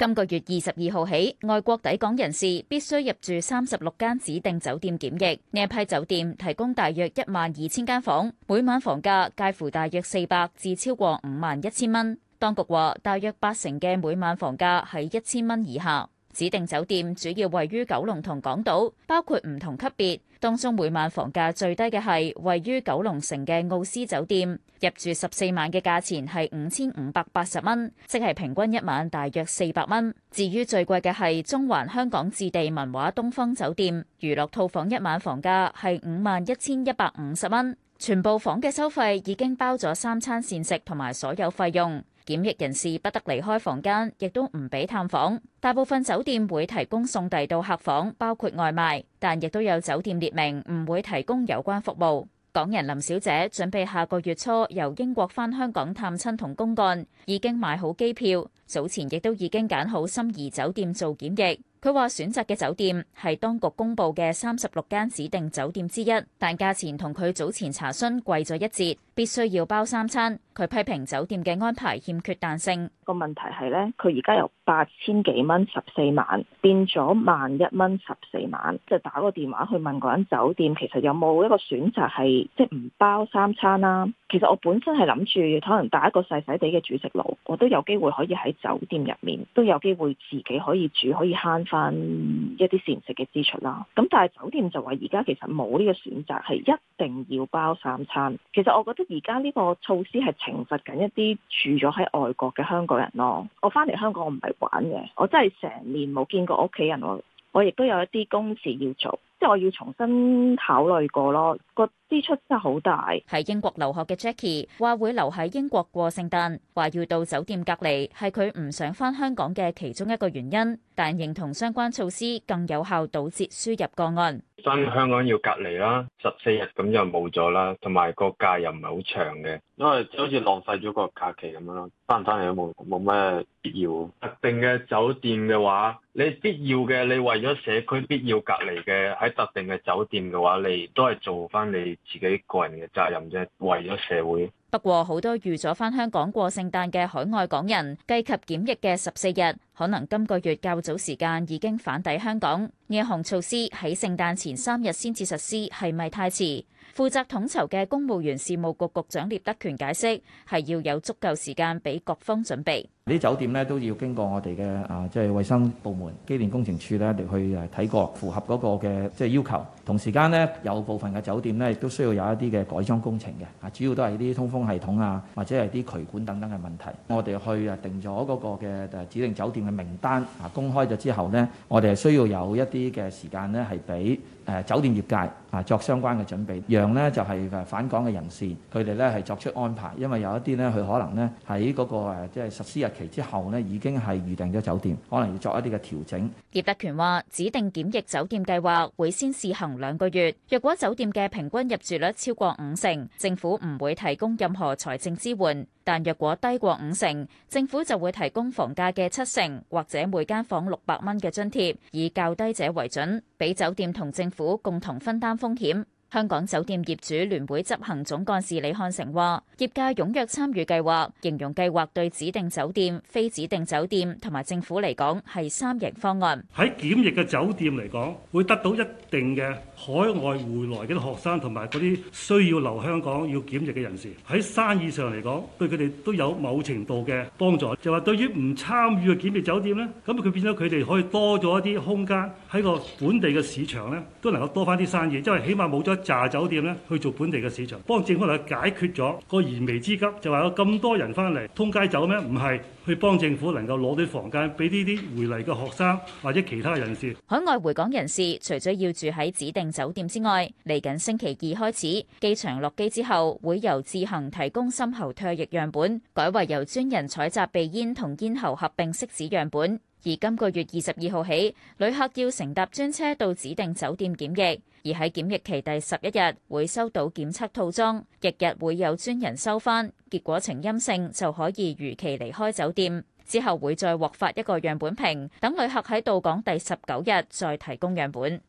今個月二十二號起，外國抵港人士必須入住三十六間指定酒店檢疫。呢一批酒店提供大約一萬二千間房，每晚房價介乎大約四百至超過五萬一千蚊。當局話，大約八成嘅每晚房價喺一千蚊以下。指定酒店主要位於九龍同港島，包括唔同級別，當中每晚房價最低嘅係位於九龍城嘅奧斯酒店，入住十四晚嘅價錢係五千五百八十蚊，即係平均一晚大約四百蚊。至於最貴嘅係中環香港置地文華東方酒店，娛樂套房一晚房價係五萬一千一百五十蚊，全部房嘅收費已經包咗三餐膳食同埋所有費用。檢疫人士不得離開房間，亦都唔俾探訪。大部分酒店會提供送遞到客房，包括外賣，但亦都有酒店列明唔會提供有關服務。港人林小姐準備下個月初由英國返香港探親同公幹，已經買好機票，早前亦都已經揀好心儀酒店做檢疫。佢話選擇嘅酒店係當局公布嘅三十六間指定酒店之一，但價錢同佢早前查詢貴咗一截，必須要包三餐。佢批評酒店嘅安排欠缺彈性，個問題係呢，佢而家由八千幾蚊十四晚變咗萬一蚊十四晚，即係、就是、打個電話去問嗰間酒店，其實有冇一個選擇係即係唔包三餐啦、啊。其實我本身係諗住可能打一個細細哋嘅煮食爐，我都有機會可以喺酒店入面都有機會自己可以煮，可以慳翻一啲膳食嘅支出啦。咁但係酒店就話而家其實冇呢個選擇，係一定要包三餐。其實我覺得而家呢個措施係懲罰緊一啲住咗喺外國嘅香港人咯，我翻嚟香港我唔係玩嘅，我真係成年冇見過屋企人，我我亦都有一啲公事要做，即係我要重新考慮過咯，支出真係好大。喺英國留學嘅 Jackie 話會留喺英國過聖誕，話要到酒店隔離，係佢唔想翻香港嘅其中一個原因。但認同相關措施更有效堵截輸入個案。翻香港要隔離啦，十四日咁就冇咗啦，同埋個假又唔係好長嘅，因為好似浪費咗個假期咁樣咯。翻唔翻嚟有冇冇咩必要？特定嘅酒店嘅話，你必要嘅，你為咗社區必要隔離嘅，喺特定嘅酒店嘅話，你都係做翻你自己個人嘅責任啫，為咗社會。不過好多預咗翻香港過聖誕嘅海外港人，計及檢疫嘅十四日，可能今個月較早時間已經返抵香港。呢項措施喺聖誕前三日先至實施，係咪太遲？負責統籌嘅公務員事務局局長聶德權解釋，係要有足夠時間俾各方準備。呢酒店咧都要經過我哋嘅啊，即係衛生部門、機電工程署咧嚟去誒睇過，符合嗰個嘅即係要求。同時間咧，有部分嘅酒店咧亦都需要有一啲嘅改裝工程嘅啊，主要都係啲通風系統啊，或者係啲渠管等等嘅問題。我哋去誒定咗嗰個嘅指定酒店嘅名單啊，公開咗之後呢，我哋係需要有一啲嘅時間咧，係俾誒酒店業界。啊，作相關嘅準備，讓呢就係誒返港嘅人士，佢哋咧係作出安排，因為有一啲呢，佢可能呢喺嗰個即係實施日期之後呢已經係預定咗酒店，可能要作一啲嘅調整。聶德權話：指定檢疫酒店計劃會先試行兩個月，若果酒店嘅平均入住率超過五成，政府唔會提供任何財政支援。但若果低過五成，政府就會提供房價嘅七成或者每間房六百蚊嘅津貼，以較低者為準，俾酒店同政府共同分擔風險。香港酒店業主聯會執行總幹事李漢成話，業界踊躍參與計劃，形容計劃對指定酒店、非指定酒店同埋政府嚟講係三贏方案。喺檢疫嘅酒店嚟講，會得到一定嘅海外回來嘅學生同埋嗰啲需要留香港要檢疫嘅人士。喺生意上嚟講，對佢哋都有某程度嘅幫助。就話對於唔參與嘅檢疫酒店咧，咁佢變咗佢哋可以多咗一啲空間喺個本地嘅市場咧，都能夠多翻啲生意。因為起碼冇咗。炸酒店咧去做本地嘅市場，幫政府嚟解決咗個燃眉之急。就話有咁多人翻嚟通街走咩？唔係去幫政府能夠攞啲房間俾呢啲回嚟嘅學生或者其他人士。海外回港人士除咗要住喺指定酒店之外，嚟緊星期二開始，機場落機之後，會由自行提供深喉唾液樣本，改為由專人採集鼻咽同咽喉合併拭子樣本。而今個月二十二號起，旅客要乘搭專車到指定酒店檢疫，而喺檢疫期第十一日會收到檢測套裝，日日會有專人收翻，結果呈陰性就可以如期離開酒店。之後會再獲發一個樣本瓶，等旅客喺到港第十九日再提供樣本。